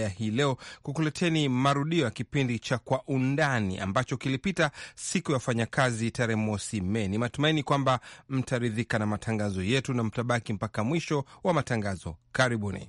ya hii leo kukuleteni marudio ya kipindi cha Kwa Undani ambacho kilipita siku ya wafanyakazi tarehe mosi Mei. Ni matumaini kwamba mtaridhika na matangazo yetu na mtabaki mpaka mwisho wa matangazo. Karibuni.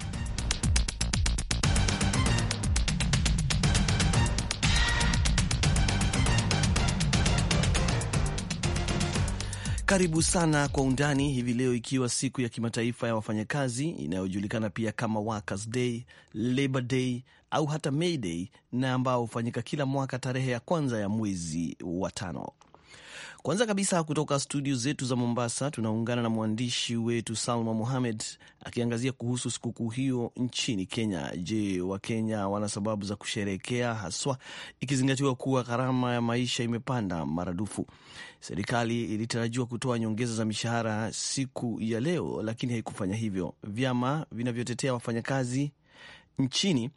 Karibu sana kwa undani hivi leo, ikiwa siku ya kimataifa ya wafanyakazi inayojulikana pia kama Workers Day, Labor Day au hata May Day, na ambao hufanyika kila mwaka tarehe ya kwanza ya mwezi wa tano. Kwanza kabisa kutoka studio zetu za Mombasa tunaungana na mwandishi wetu Salma muhamed akiangazia kuhusu sikukuu hiyo nchini Kenya. Je, Wakenya wana sababu za kusherehekea, haswa ikizingatiwa kuwa gharama ya maisha imepanda maradufu? Serikali ilitarajiwa kutoa nyongeza za mishahara siku ya leo, lakini haikufanya hivyo. Vyama vinavyotetea wafanyakazi nchini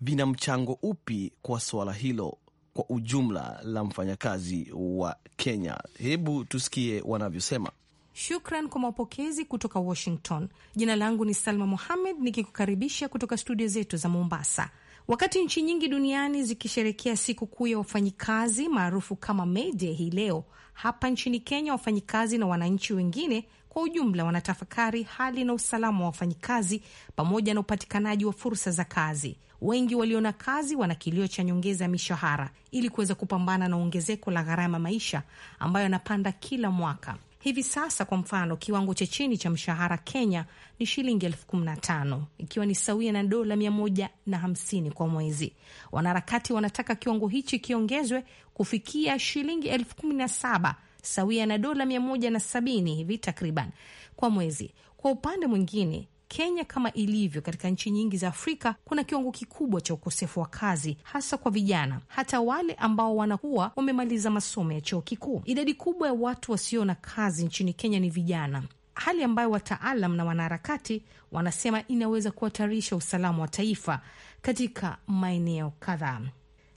vina mchango upi kwa suala hilo? kwa ujumla la mfanyakazi wa Kenya. Hebu tusikie wanavyosema. Shukran kwa mapokezi kutoka Washington. Jina langu ni Salma Muhamed nikikukaribisha kutoka studio zetu za Mombasa. Wakati nchi nyingi duniani zikisherekea siku kuu ya wafanyikazi maarufu kama May Day hii leo, hapa nchini Kenya wafanyikazi na wananchi wengine kwa ujumla wanatafakari hali na usalama wa wafanyikazi pamoja na upatikanaji wa fursa za kazi. Wengi walio na kazi wana kilio cha nyongeza ya mishahara ili kuweza kupambana na ongezeko la gharama maisha ambayo yanapanda kila mwaka. Hivi sasa kwa mfano, kiwango cha chini cha mshahara Kenya ni shilingi elfu kumi na tano ikiwa ni sawia na dola mia moja na hamsini kwa mwezi. Wanaharakati wanataka kiwango hichi kiongezwe kufikia shilingi elfu kumi na saba sawia na dola mia moja na sabini hivi takriban kwa mwezi. Kwa upande mwingine Kenya kama ilivyo katika nchi nyingi za Afrika, kuna kiwango kikubwa cha ukosefu wa kazi, hasa kwa vijana, hata wale ambao wanakuwa wamemaliza masomo ya chuo kikuu. Idadi kubwa ya watu wasio na kazi nchini Kenya ni vijana, hali ambayo wataalam na wanaharakati wanasema inaweza kuhatarisha usalama wa taifa katika maeneo kadhaa.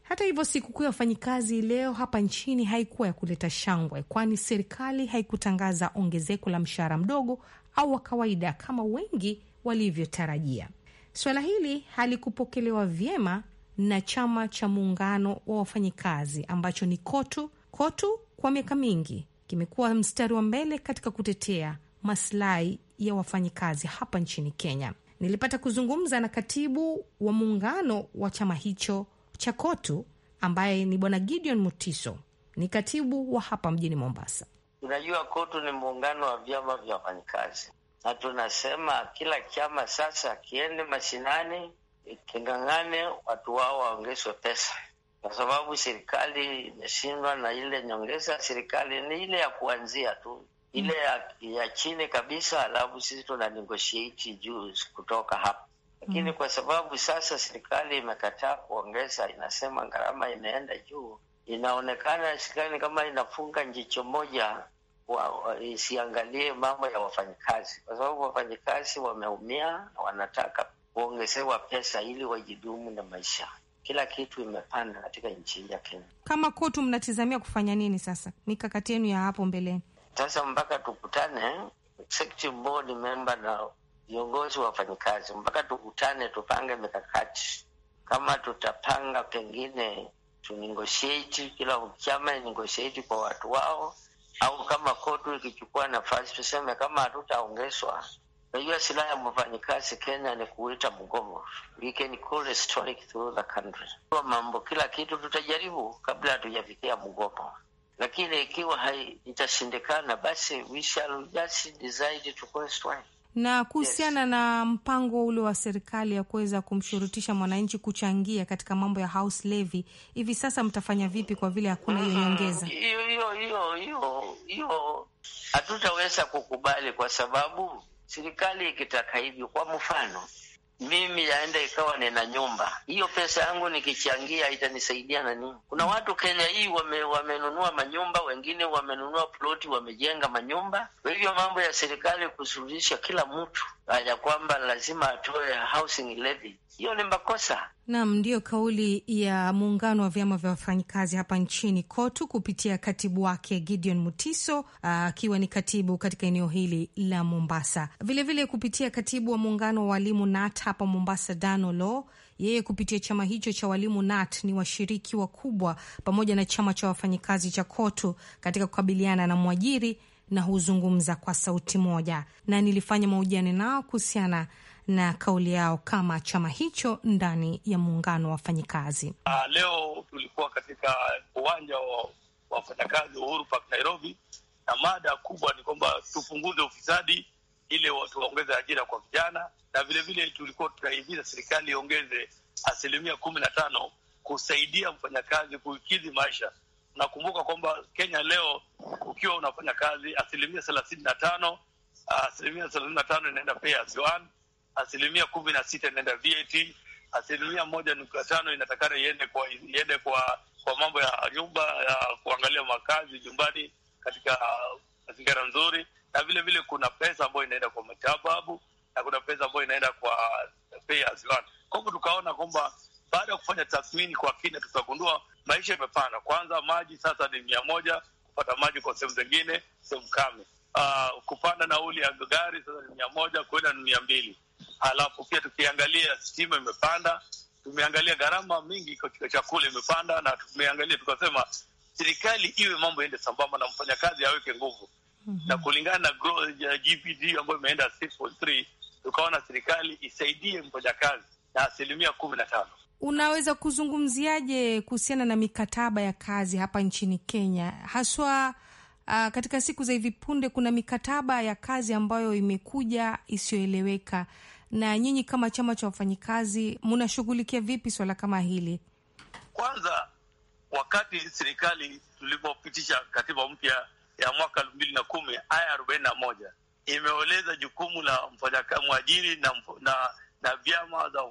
Hata hivyo, sikukuu ya wafanyikazi leo hapa nchini haikuwa ya kuleta shangwe, kwani serikali haikutangaza ongezeko la mshahara mdogo au wa kawaida kama wengi walivyotarajia. Suala hili halikupokelewa vyema na chama cha muungano wa wafanyikazi ambacho ni KOTU. KOTU kwa miaka mingi kimekuwa mstari wa mbele katika kutetea maslahi ya wafanyikazi hapa nchini Kenya. Nilipata kuzungumza na katibu wa muungano wa chama hicho cha KOTU ambaye ni Bwana Gideon Mutiso, ni katibu wa hapa mjini Mombasa. Unajua, KOTU ni muungano wa vyama vya wafanyikazi, na tunasema kila chama sasa kiende mashinani king'ang'ane watu wao waongezwe pesa, kwa sababu serikali imeshindwa na ile nyongeza. Serikali ni ile ya kuanzia tu ile ya, ya chini kabisa, alafu sisi tuna negotiate juu kutoka hapa lakini mm, kwa sababu sasa serikali imekataa kuongeza, inasema gharama inaenda juu, inaonekana serikali kama inafunga njicho moja isiangalie mambo ya wafanyikazi, kwa sababu wafanyikazi wameumia, wanataka kuongezewa pesa ili wajidumu na maisha. Kila kitu imepanda katika nchi hii ya Kenya. Kama KOTU, mnatizamia kufanya nini sasa? Mikakati yenu ya hapo mbeleni? Sasa mpaka tukutane executive board member na viongozi wa wafanyikazi, mpaka tukutane tupange mikakati. Kama tutapanga pengine tunegotiate, kila chama inegotiate kwa watu wao, au kama kotu ikichukua nafasi tuseme kama hatutaongezwa. Najua silaha ya mfanyikazi Kenya ni kuita mgomo. We can call a strike through the country. Kwa mambo kila kitu tutajaribu kabla hatujafikia mgomo, lakini ikiwa itashindikana, basi we shall just decide to strike. Na kuhusiana yes, na mpango ule wa serikali ya kuweza kumshurutisha mwananchi kuchangia katika mambo ya house levy, hivi sasa mtafanya vipi kwa vile hakuna hiyo mm-hmm. nyongeza? Hiyo hiyo hiyo hiyo hatutaweza kukubali, kwa sababu serikali ikitaka hivyo, kwa mfano mimi yaenda ikawa nina nyumba hiyo, pesa yangu nikichangia itanisaidia na nini? Kuna watu Kenya hii wame, wamenunua manyumba, wengine wamenunua ploti, wamejenga manyumba. Kwa hivyo mambo ya serikali kusuluhisha kila mtu ya kwamba lazima atoe housing levy hiyo ni makosa. Naam, ndiyo kauli ya muungano wa vyama vya wafanyikazi hapa nchini KOTU kupitia katibu wake Gideon Mutiso akiwa ni katibu katika eneo hili la Mombasa, vilevile vile kupitia katibu wa muungano wa walimu NAT hapa Mombasa, Dano Danolo yeye kupitia chama hicho cha walimu NAT ni washiriki wakubwa pamoja na chama cha wafanyikazi cha KOTU katika kukabiliana na mwajiri na huzungumza kwa sauti moja, na nilifanya mahojiano nao kuhusiana na kauli yao kama chama hicho ndani ya muungano wa wafanyikazi. Uh, leo tulikuwa katika uwanja wa wafanyakazi wa Uhuru Park Nairobi, na mada kubwa ni kwamba tupunguze ufisadi ile tuwaongeze ajira kwa vijana, na vilevile vile tulikuwa tutahimiza serikali iongeze asilimia kumi na tano kusaidia mfanyakazi kuikidhi maisha. Nakumbuka kwamba Kenya leo ukiwa unafanya kazi asilimia thelathini na tano asilimia thelathini na tano inaenda pay as you earn asilimia kumi na sita inaenda VAT, asilimia moja nukta tano inatakana iende kwa iende kwa kwa mambo ya nyumba ya kuangalia makazi nyumbani katika mazingira nzuri, na vile vile kuna pesa ambayo inaenda kwa matibabu na kuna pesa ambayo inaenda kwa bei ya ziwani. Kwa hivyo tukaona kwamba baada ya kufanya tathmini kwa kina, tutagundua maisha imepanda. Kwanza maji sasa ni mia moja kupata maji kwa sehemu zingine, sehemu kame. Uh, kupanda nauli ya gari sasa ni mia moja kwenda ni mia mbili Halafu pia tukiangalia stima imepanda, tumeangalia gharama mingi katika chakula imepanda, na tumeangalia tukasema serikali iwe mambo iende sambamba na mfanyakazi aweke nguvu mm -hmm. na kulingana na growth ya GDP ambayo imeenda 6.3 tukaona serikali isaidie mfanyakazi na asilimia kumi na tano. Unaweza kuzungumziaje kuhusiana na mikataba ya kazi hapa nchini Kenya haswa Uh, katika siku za hivi punde kuna mikataba ya kazi ambayo imekuja isiyoeleweka na nyinyi kama chama cha wafanyikazi mnashughulikia vipi swala kama hili? Kwanza, wakati serikali tulipopitisha katiba mpya ya mwaka elfu mbili na kumi aya arobaini na moja imeeleza jukumu la mwajiri na, na, na vyama za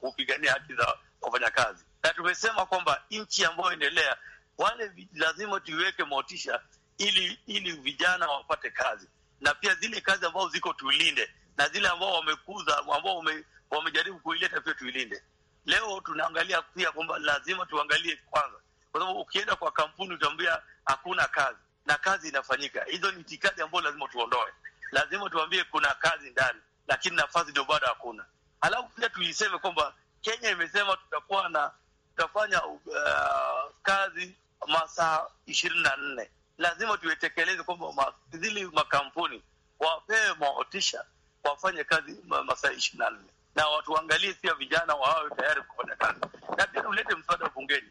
kupigania haki za wafanyakazi, na tumesema kwamba nchi ambayo endelea wale lazima tuiweke motisha ili ili vijana wapate kazi na pia zile kazi ambazo ziko tuilinde na zile ambao wamekuza ambao wame, wamejaribu kuileta pia tuilinde. Leo tunaangalia pia kwamba lazima tuangalie kwanza, kwa sababu ukienda kwa kampuni utaambia hakuna kazi na kazi inafanyika. Hizo ni itikadi ambazo lazima tuondoe, lazima tuambie kuna kazi ndani, lakini nafasi ndio bado hakuna. Halafu pia tuiseme kwamba Kenya imesema tutakuwa na tutafanya uh, kazi masaa ishirini na nne. Lazima tuitekeleze kwamba zili makampuni wapewe motisha wafanye kazi masaa ishirini na nne na watuangalie pia vijana wawe tayari kufanya kazi, na pia ulete msaada wa bungeni.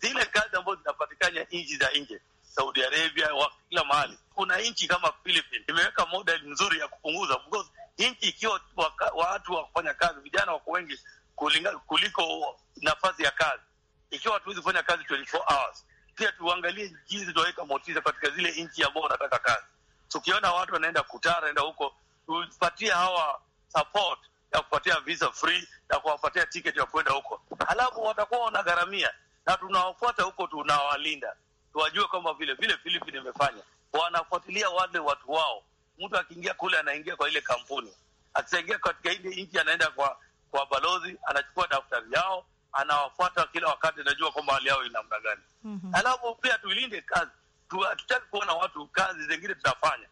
Zile kazi ambazo zinapatikana nchi za nje, Saudi Arabia, wa kila mahali. Kuna nchi kama Philippines imeweka model nzuri ya kupunguza, because nchi ikiwa watu wa kufanya kazi, vijana wako wengi kuliko nafasi ya kazi. Ikiwa hatuwezi kufanya kazi 24 hours, pia tuangalie jinsi tunaweka motisha katika zile nchi ambao wanataka kazi. Tukiona so, watu wanaenda kutara, naenda huko kupatia hawa support ya kupatia visa free na kuwapatia ticket ya kwenda huko, halafu watakuwa wanagharamia, na tunawafuata huko, tunawalinda tuwajue kama vile vile Philippines imefanya, wanafuatilia wale watu wao. Mtu akiingia kule anaingia kwa ile kampuni, akisaingia katika ile nchi anaenda kwa kwa balozi, anachukua daftari yao, anawafuata kila wakati, anajua kwamba hali yao ina namna gani. mm -hmm. Alafu pia tuilinde kazi, hatutaki kuona watu kazi zingine tunafanya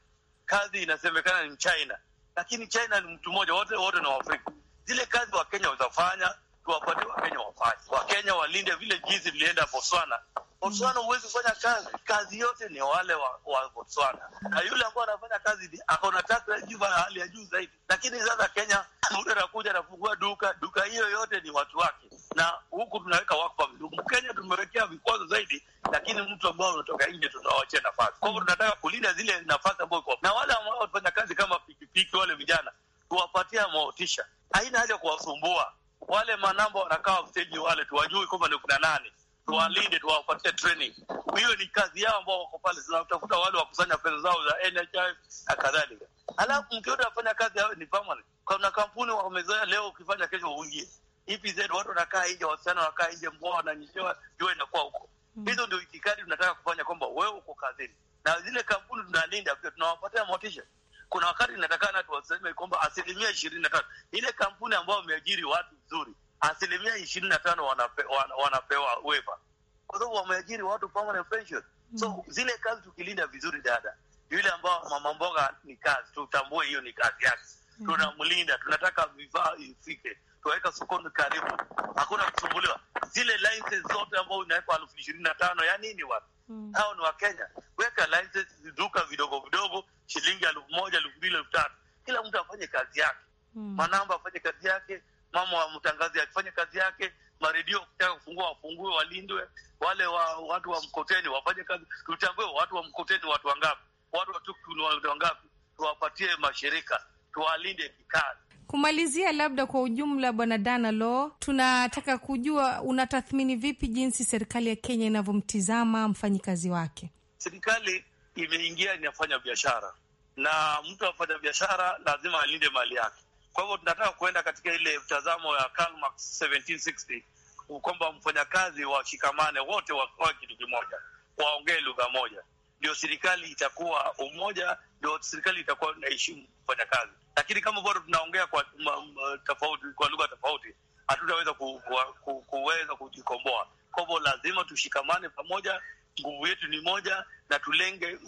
kazi inasemekana ni China lakini China ni mtu mmoja, wote wote ni Waafrika. Zile kazi Wakenya wazafanya, tuwapatie Wakenya wafanye. Wakenya walinde vile jinsi vilienda Botswana Botswana huwezi fanya kazi, kazi yote ni wale wa, wa Botswana na yule ambaye anafanya kazi ako na juu ya hali ya juu zaidi. Lakini sasa Kenya mtu anakuja anafungua duka, duka hiyo yote ni watu wake, na huku tunaweka wakfu. Kenya tumewekea vikwazo zaidi, lakini mtu ambao unatoka nje tunawachia nafasi. Kwa hivyo tunataka kulinda zile nafasi ambao iko na wale ambao wanafanya kazi kama pikipiki, wale vijana tuwapatia motisha, haina haja kuwasumbua wale manamba wanakaa steji wale, tuwajui kwamba ni kuna nani tuwalinde, tuwapatie training. Hiyo ni kazi yao ambao wako pale, zinatafuta wale wakusanya fedha zao za NHIF na kadhalika. Halafu mkiona anafanya kazi yao ni permanent. Kuna kampuni wamezoea leo, ukifanya kesho uingie EPZ, watu wanakaa nje, wasichana wanakaa nje, mvua wananyeshewa, jua inakuwa huko. Hmm. Hizo ndio itikadi tunataka kufanya, kwamba wewe uko kazini na zile kampuni tunalinda pia, tunawapatia motisha. Kuna wakati inatakana tuwaseme kwamba asilimia ishirini na tatu ile kampuni ambayo imeajiri watu vizuri asilimia ishirini na tano wanape, wan, wanapewa weva kwa sababu wameajiri watu permanent pension. So mm. zile kazi tukilinda vizuri, dada yule ambao mama mboga ni kazi, tutambue hiyo ni kazi yake, mm. tunamlinda, tunataka vifaa ifike, tuwaweka sokoni karibu, hakuna kusumbuliwa. Zile license zote ambao inawekwa elfu ishirini na tano ya nini? Watu mm. hao ni Wakenya, weka license, duka vidogo vidogo, shilingi elfu moja elfu mbili elfu tatu kila mtu afanye kazi yake, mm. manamba afanye kazi yake mama wa mtangazi akifanya kazi yake, maredio wakitaka kufungua wafungue, walindwe. Wale wa watu wa mkoteni wafanye kazi, tutambue watu wa mkoteni watu wangapi, watu watu wangapi, tuwapatie mashirika, tuwalinde kikazi. Kumalizia labda kwa ujumla, Bwana Danalo, tunataka kujua unatathmini vipi jinsi serikali ya Kenya inavyomtizama mfanyikazi wake? Serikali imeingia inafanya biashara, na mtu afanya biashara lazima alinde mali yake kwa hivyo tunataka kuenda katika ile mtazamo ya Karl Marx 1760 kwamba mfanyakazi washikamane wote wa kitu kimoja, waongee lugha moja, ndio serikali itakuwa umoja, ndio serikali itakuwa inaheshimu mfanyakazi. Lakini kama bado tunaongea kwa tofauti, kwa lugha tofauti, hatutaweza ku, ku, kuweza kujikomboa. Kwa hivyo lazima tushikamane pamoja, nguvu yetu ni moja, na tulenge,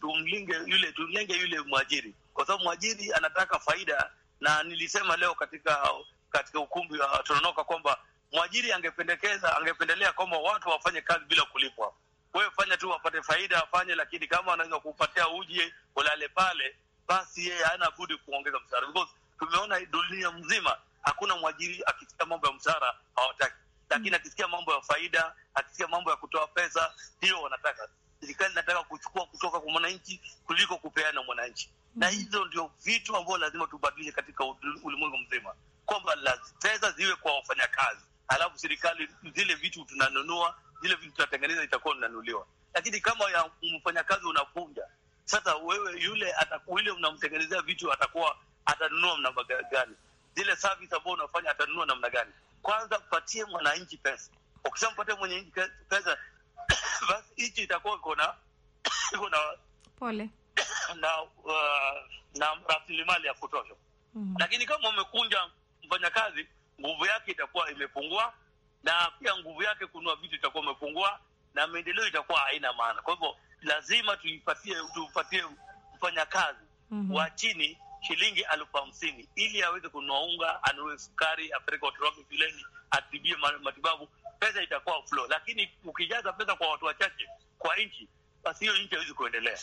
tumlinge yule, tulenge yule mwajiri, kwa sababu mwajiri anataka faida na nilisema leo katika katika ukumbi wa Tononoka kwamba mwajiri angependekeza angependelea kwamba watu wafanye kazi bila kulipwa. Wewe fanya tu wapate faida, afanye, lakini kama anaweza kupatia uje ulale pale, basi yeye hana budi kuongeza mshahara, because tumeona dunia mzima hakuna mwajiri akisikia mambo ya mshahara hawataki, lakini mm. akisikia mambo ya faida, akisikia mambo ya kutoa pesa, hiyo wanataka. Serikali inataka kuchukua kutoka kwa mwananchi kuliko kupeana mwananchi na hizo ndio vitu ambavyo lazima tubadilishe katika ulimwengu mzima, kwamba pesa ziwe kwa wafanyakazi, halafu serikali, zile vitu tunanunua, zile vitu tunatengeneza itakuwa inanunuliwa. Lakini kama ya mfanyakazi unapunja sasa, wewe yule ile unamtengenezea vitu atakuwa atanunua namna gani? Zile service ambao unafanya atanunua namna gani? Kwanza mpatie mwananchi pesa. Ukishampatia mwananchi pesa, basi hicho itakuwa iko na pole na uh, na rasilimali ya kutosha mm -hmm. Lakini kama umekunja mfanyakazi, nguvu yake itakuwa imepungua, na pia nguvu yake kunua vitu itakuwa imepungua, na maendeleo itakuwa haina maana. Kwa hivyo lazima tuipatie tupatie mfanyakazi mm -hmm. wa chini shilingi elfu hamsini ili aweze kununua unga, anunue sukari, apeleke watoto wake shuleni, atibie matibabu, pesa itakuwa flow. Lakini ukijaza pesa kwa watu wachache kwa nchi, basi hiyo nchi hawezi kuendelea.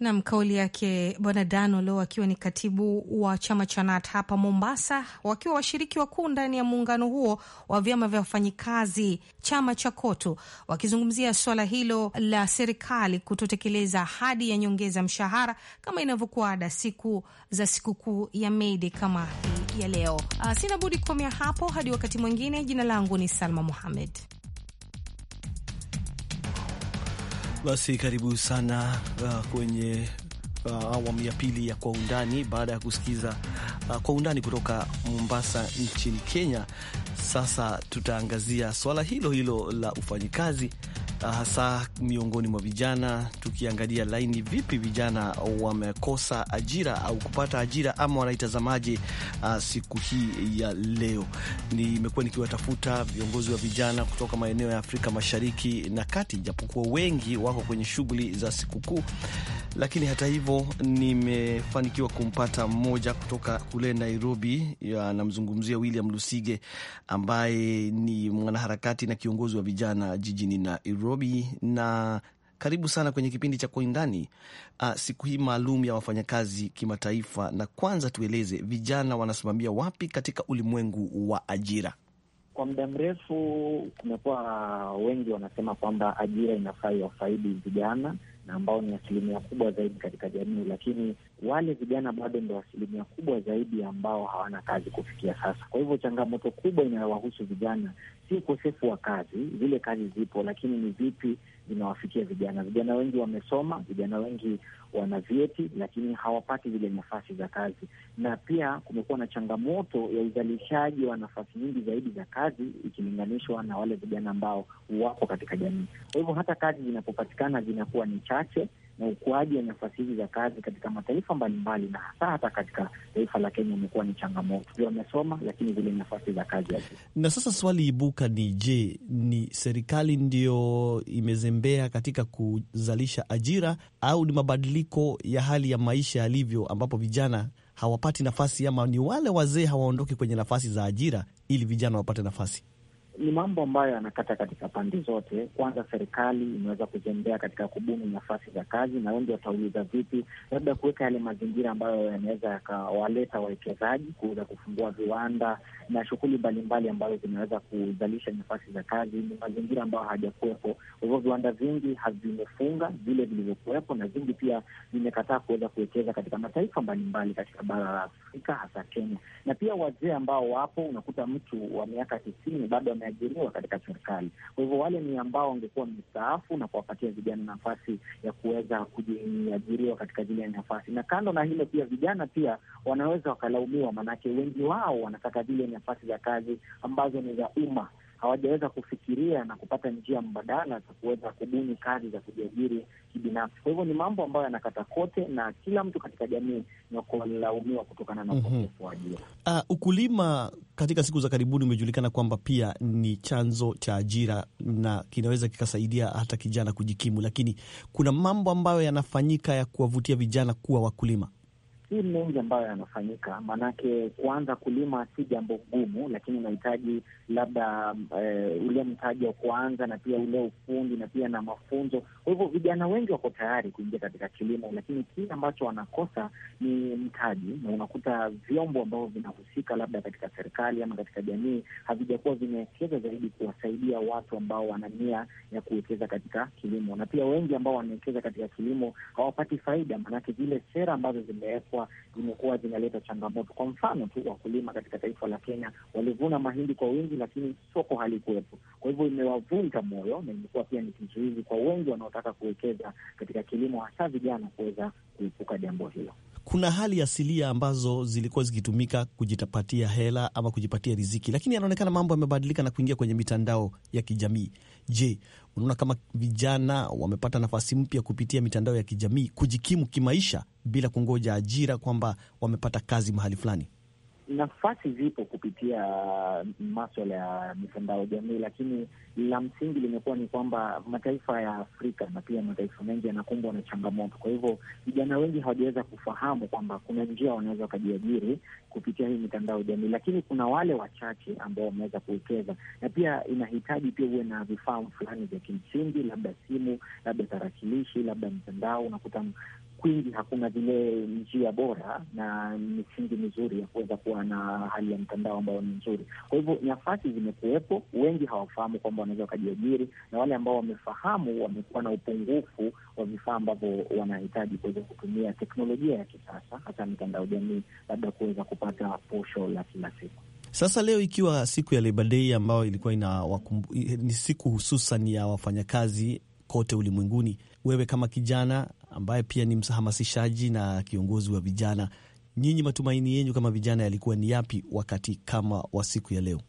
Nam, kauli yake Bwana Danolo akiwa ni katibu wa chama cha NAT hapa Mombasa, wakiwa washiriki wakuu ndani ya muungano huo wa vyama vya wafanyikazi chama cha KOTU, wakizungumzia suala hilo la serikali kutotekeleza ahadi ya nyongeza mshahara kama inavyokuwa ada siku za sikukuu ya Meidi kama hii ya leo. Ah, sina budi kukomea hapo hadi wakati mwingine. Jina langu ni Salma Muhamed. Basi karibu sana uh, kwenye uh, awamu ya pili ya Kwa Undani baada ya kusikiza uh, Kwa Undani kutoka Mombasa nchini Kenya. Sasa tutaangazia swala hilo hilo la ufanyikazi Uh, hasa miongoni mwa vijana, tukiangalia laini vipi vijana wamekosa ajira au kupata ajira ama wanaitazamaje uh, siku hii ya leo. Nimekuwa nikiwatafuta viongozi wa vijana kutoka maeneo ya Afrika Mashariki na Kati, japokuwa wengi wako kwenye shughuli za sikukuu lakini hata hivyo nimefanikiwa kumpata mmoja kutoka kule Nairobi. Anamzungumzia William Lusige ambaye ni mwanaharakati na kiongozi wa vijana jijini Nairobi. Na karibu sana kwenye kipindi cha Kwa Undani, ah, siku hii maalum ya wafanyakazi kimataifa. Na kwanza tueleze vijana wanasimamia wapi katika ulimwengu wa ajira? Kwa muda mrefu kumekuwa wengi wanasema kwamba ajira inafaa iwafaidi vijana na ambao ni asilimia kubwa zaidi katika jamii, lakini wale vijana bado ndo asilimia kubwa zaidi ambao hawana kazi kufikia sasa. Kwa hivyo changamoto kubwa inayowahusu vijana si ukosefu wa kazi, zile kazi zipo, lakini ni vipi zinawafikia vijana. Vijana wengi wamesoma, vijana wengi wana vyeti, lakini hawapati zile nafasi za kazi, na pia kumekuwa na changamoto ya uzalishaji wa nafasi nyingi zaidi za kazi ikilinganishwa na wale vijana ambao wako katika jamii. Kwa hivyo hata kazi zinapopatikana zinakuwa ni chache na ukuaji wa nafasi hizi za kazi katika mataifa mbalimbali, na hasa hata katika taifa la Kenya umekuwa ni changamoto. Wamesoma lakini zile nafasi za kazi hazi. Na sasa swali ibuka ni je, ni serikali ndiyo imezembea katika kuzalisha ajira au ni mabadiliko ya hali ya maisha yalivyo, ambapo vijana hawapati nafasi ama ni wale wazee hawaondoki kwenye nafasi za ajira ili vijana wapate nafasi? ni mambo ambayo yanakata katika pande zote. Kwanza, serikali imeweza kuzembea katika kubuni nafasi za kazi, na wengi watauliza vipi, labda kuweka yale mazingira ambayo yanaweza yakawaleta wawekezaji kuweza kufungua viwanda na shughuli mbalimbali ambazo zinaweza kuzalisha nafasi za kazi. Ni mazingira ambayo hajakuwepo, kwa hivyo viwanda vingi havimefunga vile vilivyokuwepo, na vingi pia vimekataa kuweza kuwekeza katika mataifa mbalimbali katika bara la Afrika, hasa Kenya. Na pia wazee ambao wapo, unakuta mtu wa miaka tisini bado ameajiriwa katika serikali. Kwa hivyo wale ni ambao wangekuwa mstaafu na kuwapatia vijana nafasi ya kuweza kujiajiriwa katika zile nafasi. Na kando na hilo, pia vijana pia wanaweza wakalaumiwa, maanake wengi wao wanataka vile nafasi za kazi ambazo ni za umma hawajaweza kufikiria na kupata njia mbadala za kuweza kubuni kazi za kujiajiri kibinafsi. Kwa hivyo ni mambo ambayo yanakata kote, na kila mtu katika jamii ni kulaumiwa kutokana na mhm. ukosefu wa ajira. Uh, ukulima katika siku za karibuni umejulikana kwamba pia ni chanzo cha ajira na kinaweza kikasaidia hata kijana kujikimu, lakini kuna mambo ambayo yanafanyika ya kuwavutia vijana kuwa wakulima si mengi ambayo yanafanyika, maanake kuanza kulima si jambo gumu, lakini unahitaji labda e, ule mtaji wa kuanza na pia ule ufundi na pia na mafunzo. Kwa hivyo vijana wengi wako tayari kuingia katika kilimo, lakini kile ambacho wanakosa ni mtaji, na unakuta vyombo ambavyo vinahusika labda katika serikali ama katika jamii havijakuwa vimewekeza zaidi kuwasaidia watu ambao wana nia ya kuwekeza katika kilimo, na pia wengi ambao wanawekeza katika kilimo hawapati faida, maanake zile sera ambazo zimewekwa zimekuwa zinaleta changamoto. Kwa mfano tu, wakulima katika taifa la Kenya walivuna mahindi kwa wingi, lakini soko halikuwepo. Kwa hivyo imewavunja moyo na imekuwa pia ni kizuizi kwa wengi wanaotaka kuwekeza katika kilimo, hasa vijana, kuweza kuepuka jambo hilo. Kuna hali asilia ambazo zilikuwa zikitumika kujipatia hela ama kujipatia riziki, lakini yanaonekana mambo yamebadilika na kuingia kwenye mitandao ya kijamii. Je, unaona kama vijana wamepata nafasi mpya kupitia mitandao ya kijamii kujikimu kimaisha bila kungoja ajira kwamba wamepata kazi mahali fulani? nafasi zipo kupitia maswala ya mitandao ya jamii, lakini la msingi limekuwa ni kwamba mataifa ya Afrika na pia mataifa mengi yanakumbwa na changamoto. Kwa hivyo vijana wengi hawajaweza kufahamu kwamba kuna njia wanaweza wakajiajiri kupitia hii mitandao ya jamii, lakini kuna wale wachache ambao wameweza kuwekeza, na pia inahitaji pia huwe na vifaa fulani vya kimsingi, labda simu, labda tarakilishi, labda mtandao. Unakuta kwingi hakuna vile njia bora na misingi mizuri ya kuweza kuwa na hali ya mtandao ambayo ni nzuri. Kwa hivyo nafasi zimekuwepo, wengi hawafahamu kwamba wanaweza wakajiajiri, na wale ambao wamefahamu wamekuwa na upungufu wa vifaa ambavyo wanahitaji kuweza kutumia teknolojia ya kisasa, hasa mitandao jamii, labda kuweza kupata posho la kila siku. Sasa leo ikiwa siku ya Labor Day ambayo ilikuwa ina wakumbu, ni siku hususan ya wafanyakazi kote ulimwenguni, wewe kama kijana ambaye pia ni mhamasishaji na kiongozi wa vijana. Nyinyi, matumaini yenyu kama vijana yalikuwa ni yapi wakati kama wa siku ya leo?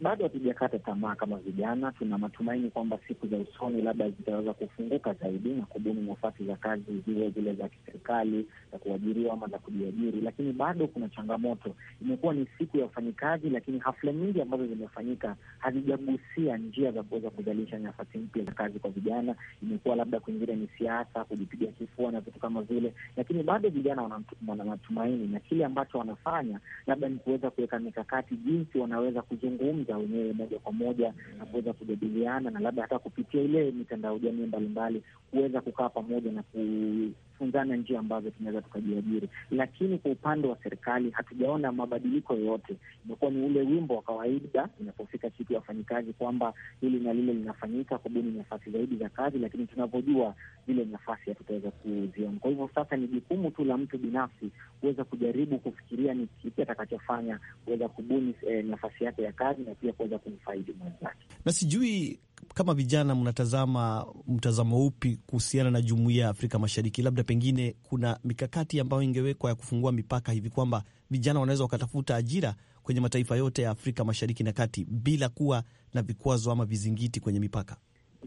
bado hatujakata tamaa kama vijana. Tuna matumaini kwamba siku za usoni labda zitaweza kufunguka zaidi na kubuni nafasi za kazi, ziwe zile za kiserikali, za kuajiriwa ama za kujiajiri, lakini bado kuna changamoto. Imekuwa ni siku ya wafanyikazi, lakini hafla nyingi ambazo zimefanyika hazijagusia njia za kuweza kuzalisha nafasi mpya za kazi kwa vijana. Imekuwa labda kwingine ni siasa, kujipiga kifua na vitu kama vile, lakini bado vijana wana matumaini, na kile ambacho wanafanya labda ni kuweza kuweka mikakati jinsi wanaweza kuzungumza kuzungumza wenyewe moja kwa moja na kuweza kujadiliana na labda hata kupitia ile mitandao jamii mbalimbali kuweza kukaa pamoja na kufunzana njia ambazo tunaweza tukajiajiri. Lakini kwa upande wa serikali hatujaona mabadiliko yoyote, imekuwa ni ule wimbo wa kawaida inapofika siku ya wafanyikazi kwamba hili na lile linafanyika kubuni nafasi zaidi za kazi, lakini tunavyojua zile nafasi hatutaweza kuziona. Kwa hivyo sasa ni jukumu tu la mtu binafsi kuweza kujaribu kufikiria ni kipi atakachofanya kuweza kubuni eh, nafasi yake ya kazi na pia kuweza kumfaidi mwenzake. Na sijui kama vijana mnatazama mtazamo upi kuhusiana na jumuiya ya Afrika Mashariki? Labda pengine kuna mikakati ambayo ingewekwa ya kufungua mipaka hivi kwamba vijana wanaweza wakatafuta ajira kwenye mataifa yote ya Afrika Mashariki na Kati bila kuwa na vikwazo ama vizingiti kwenye mipaka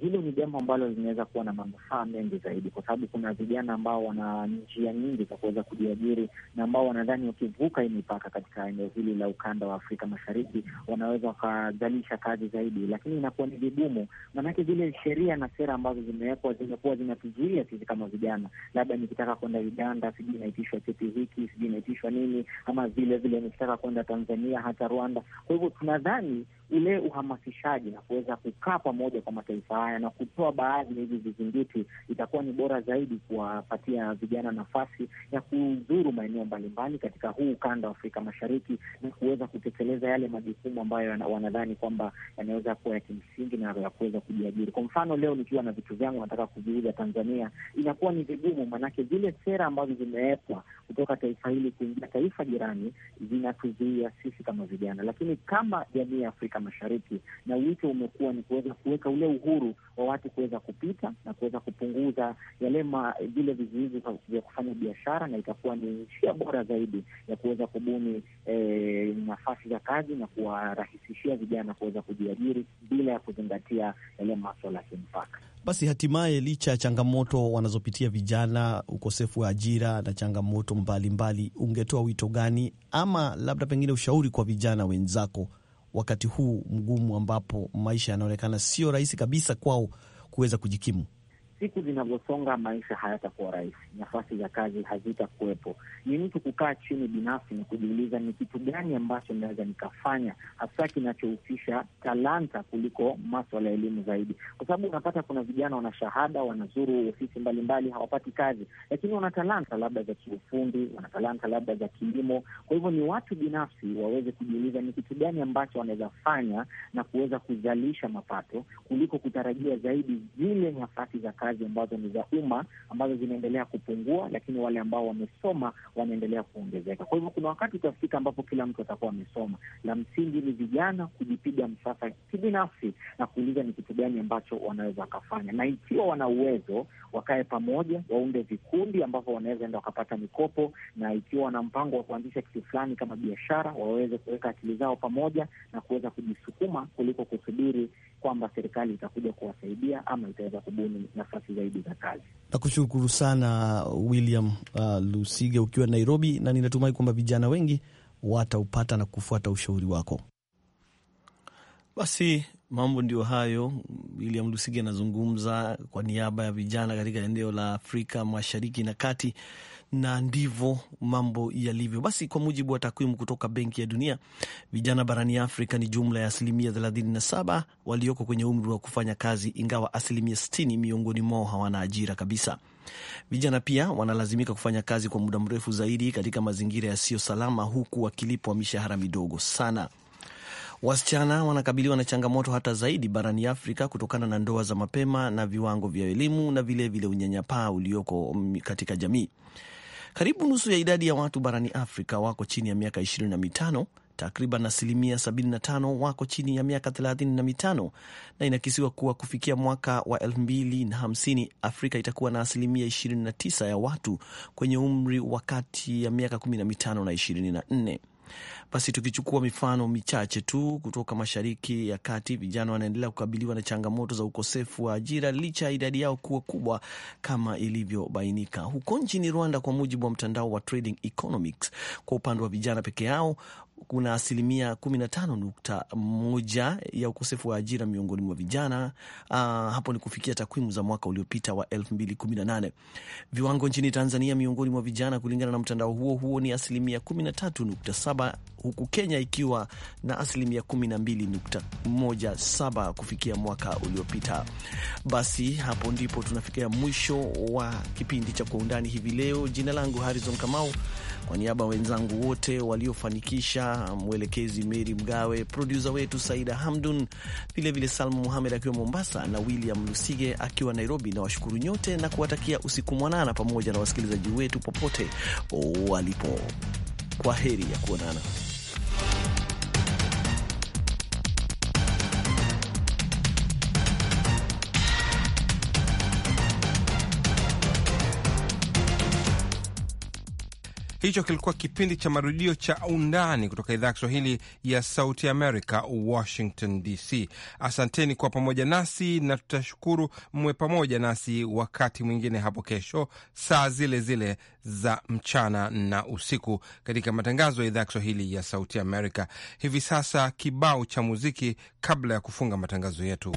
hilo ni jambo ambalo linaweza kuwa na manufaa mengi zaidi, kwa sababu kuna vijana ambao wana njia nyingi za kuweza kujiajiri na ambao wanadhani wakivuka hii mipaka katika eneo hili la ukanda wa Afrika Mashariki wanaweza wakazalisha kazi zaidi, lakini inakuwa ni vigumu, maanake zile sheria na sera ambazo zimewekwa zimekuwa zinatuzuia sisi kama vijana, labda nikitaka kwenda Uganda sijui inaitishwa cheti hiki, sijui inaitishwa nini, ama vile vile nikitaka kwenda Tanzania hata Rwanda. Kwa hivyo tunadhani ule uhamasishaji na kuweza kukaa pamoja kwa mataifa haya na kutoa baadhi ya hivi vizingiti, itakuwa ni bora zaidi kuwapatia vijana nafasi ya kuzuru maeneo mbalimbali katika huu ukanda wa Afrika Mashariki na kuweza kutekeleza yale majukumu ambayo wanadhani kwamba yanaweza kuwa ya kimsingi na ya kuweza kujiajiri. Kwa mfano, leo nikiwa na vitu vyangu nataka kuviuza Tanzania, inakuwa ni vigumu, maanake zile sera ambazo zimewekwa kutoka taifa hili kuingia taifa jirani zinatuzuia sisi kama vijana, lakini kama jamii ya Afrika Afrika Mashariki, na wito umekuwa ni kuweza kuweka ule uhuru wa watu kuweza kupita na kuweza kupunguza yale vile vizuizi vya kufanya biashara, na itakuwa ni njia bora zaidi ya kuweza kubuni eh, nafasi za kazi na kuwarahisishia vijana kuweza kujiajiri bila ya kuzingatia yale maswala ya kimpaka. Basi hatimaye, licha ya changamoto wanazopitia vijana, ukosefu wa ajira na changamoto mbalimbali mbali, ungetoa wito gani ama labda pengine ushauri kwa vijana wenzako wakati huu mgumu ambapo maisha yanaonekana sio rahisi kabisa kwao kuweza kujikimu siku zinavyosonga, maisha hayatakuwa rahisi, nafasi za kazi hazitakuwepo. Ni mtu kukaa chini binafsi na kujiuliza ni kitu gani ambacho naweza nikafanya, hasa kinachohusisha talanta kuliko maswala ya elimu zaidi, kwa sababu unapata kuna vijana wana shahada, wanazuru ofisi mbalimbali, hawapati kazi, lakini wana talanta labda za kiufundi, wana talanta labda za kilimo. Kwa hivyo ni watu binafsi waweze kujiuliza ni kitu gani ambacho wanaweza fanya na kuweza kuzalisha mapato kuliko kutarajia zaidi zile nafasi za kazi kazi ambazo ni za umma ambazo zinaendelea kupungua, lakini wale ambao wamesoma wanaendelea kuongezeka. Kwa hivyo kuna wakati utafika ambapo kila mtu atakuwa amesoma. La msingi ni vijana kujipiga msasa kibinafsi na kuuliza ni kitu gani ambacho wanaweza wakafanya, na ikiwa wana uwezo wakae pamoja, waunde vikundi ambavyo wanaweza enda wakapata mikopo, na ikiwa wana mpango wa kuanzisha kitu fulani kama biashara, waweze kuweka akili zao pamoja na kuweza kujisukuma kuliko kusubiri kwamba serikali itakuja kuwasaidia ama itaweza kubuni nafasi nafasi zaidi za kazi. Nakushukuru sana William uh, Lusige ukiwa Nairobi, na ninatumai kwamba vijana wengi wataupata na kufuata ushauri wako. Basi mambo ndio hayo. William Lusige anazungumza kwa niaba ya vijana katika eneo la Afrika Mashariki na Kati na ndivyo mambo yalivyo. Basi kwa mujibu wa takwimu kutoka Benki ya Dunia, vijana barani Afrika ni jumla ya asilimia 37 walioko kwenye umri wa kufanya kazi, ingawa asilimia 60 miongoni mwao hawana ajira kabisa. Vijana pia wanalazimika kufanya kazi kwa muda mrefu zaidi katika mazingira yasiyo salama, huku wakilipwa mishahara midogo sana. Wasichana wanakabiliwa na changamoto hata zaidi barani Afrika kutokana na ndoa za mapema na viwango vya elimu na vilevile unyanyapaa ulioko katika jamii. Karibu nusu ya idadi ya watu barani Afrika wako chini ya miaka 25, takriban asilimia 75 wako chini ya miaka 35, na inakisiwa kuwa kufikia mwaka wa 2050 Afrika itakuwa na asilimia 29 ya watu kwenye umri wa kati ya miaka 15 na 24. Basi tukichukua mifano michache tu kutoka Mashariki ya Kati, vijana wanaendelea kukabiliwa na changamoto za ukosefu wa ajira licha ya idadi yao kuwa kubwa kama ilivyobainika huko nchini Rwanda. Kwa mujibu wa mtandao wa Trading Economics, kwa upande wa vijana peke yao kuna asilimia 15.1 ya ukosefu wa ajira miongoni mwa vijana uh, hapo ni kufikia takwimu za mwaka uliopita wa 2018. Viwango nchini Tanzania miongoni mwa vijana kulingana na mtandao huo huo ni asilimia 13.7, huku Kenya ikiwa na asilimia 12.17 kufikia mwaka uliopita. Basi hapo ndipo tunafikia mwisho wa kipindi cha Kwa Undani hivi leo. Jina langu Harrison Kamau, kwa niaba wenzangu wote waliofanikisha mwelekezi Meri Mgawe, produsa wetu Saida Hamdun, vilevile Salma Muhamed akiwa Mombasa na William Lusige akiwa Nairobi, na washukuru nyote na kuwatakia usiku mwanana pamoja na wasikilizaji wetu popote walipo. Kwa heri ya kuonana. Hicho kilikuwa kipindi cha marudio cha Undani kutoka idhaa ya Kiswahili ya Sauti Amerika, Washington DC. Asanteni kwa pamoja nasi na tutashukuru mwe pamoja nasi wakati mwingine hapo kesho saa zile zile za mchana na usiku katika matangazo ya idhaa ya Kiswahili ya Sauti Amerika. Hivi sasa kibao cha muziki kabla ya kufunga matangazo yetu.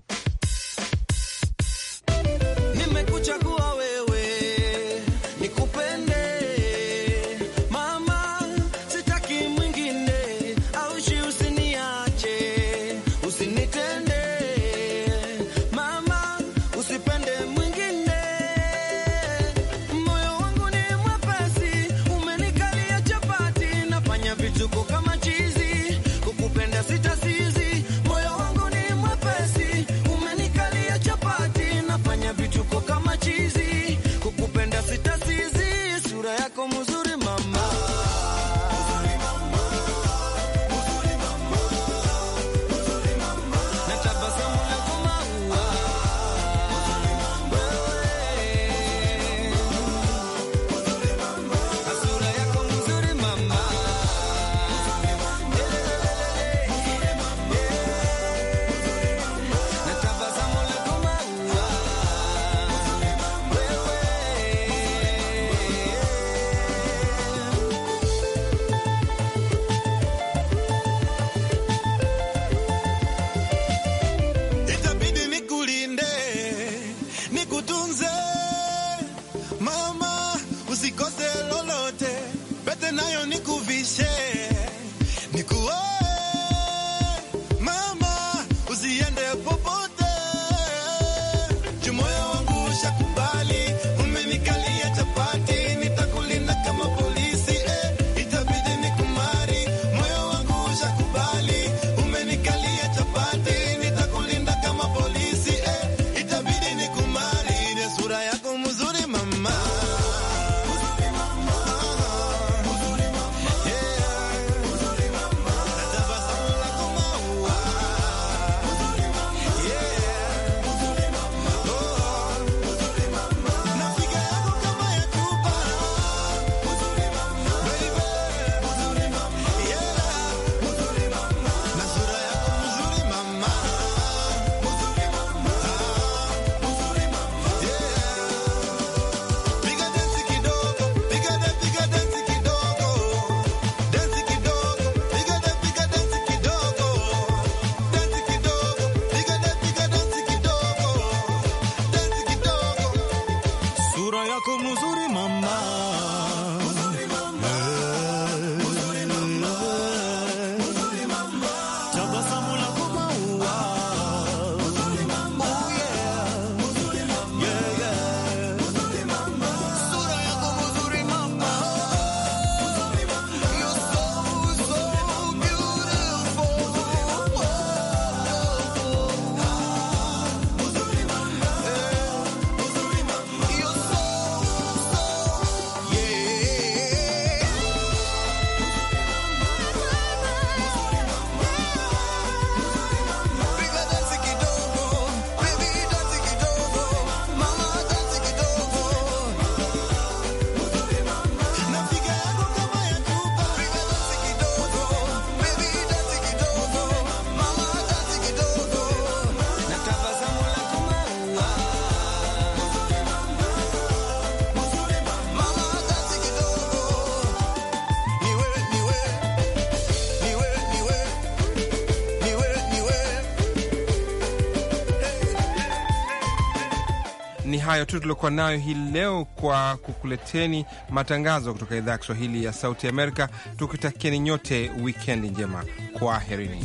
hayo tu tuliokuwa nayo hii leo kwa kukuleteni matangazo kutoka idhaa ya Kiswahili ya Sauti Amerika, tukitakieni nyote wikendi njema. Kwaherini.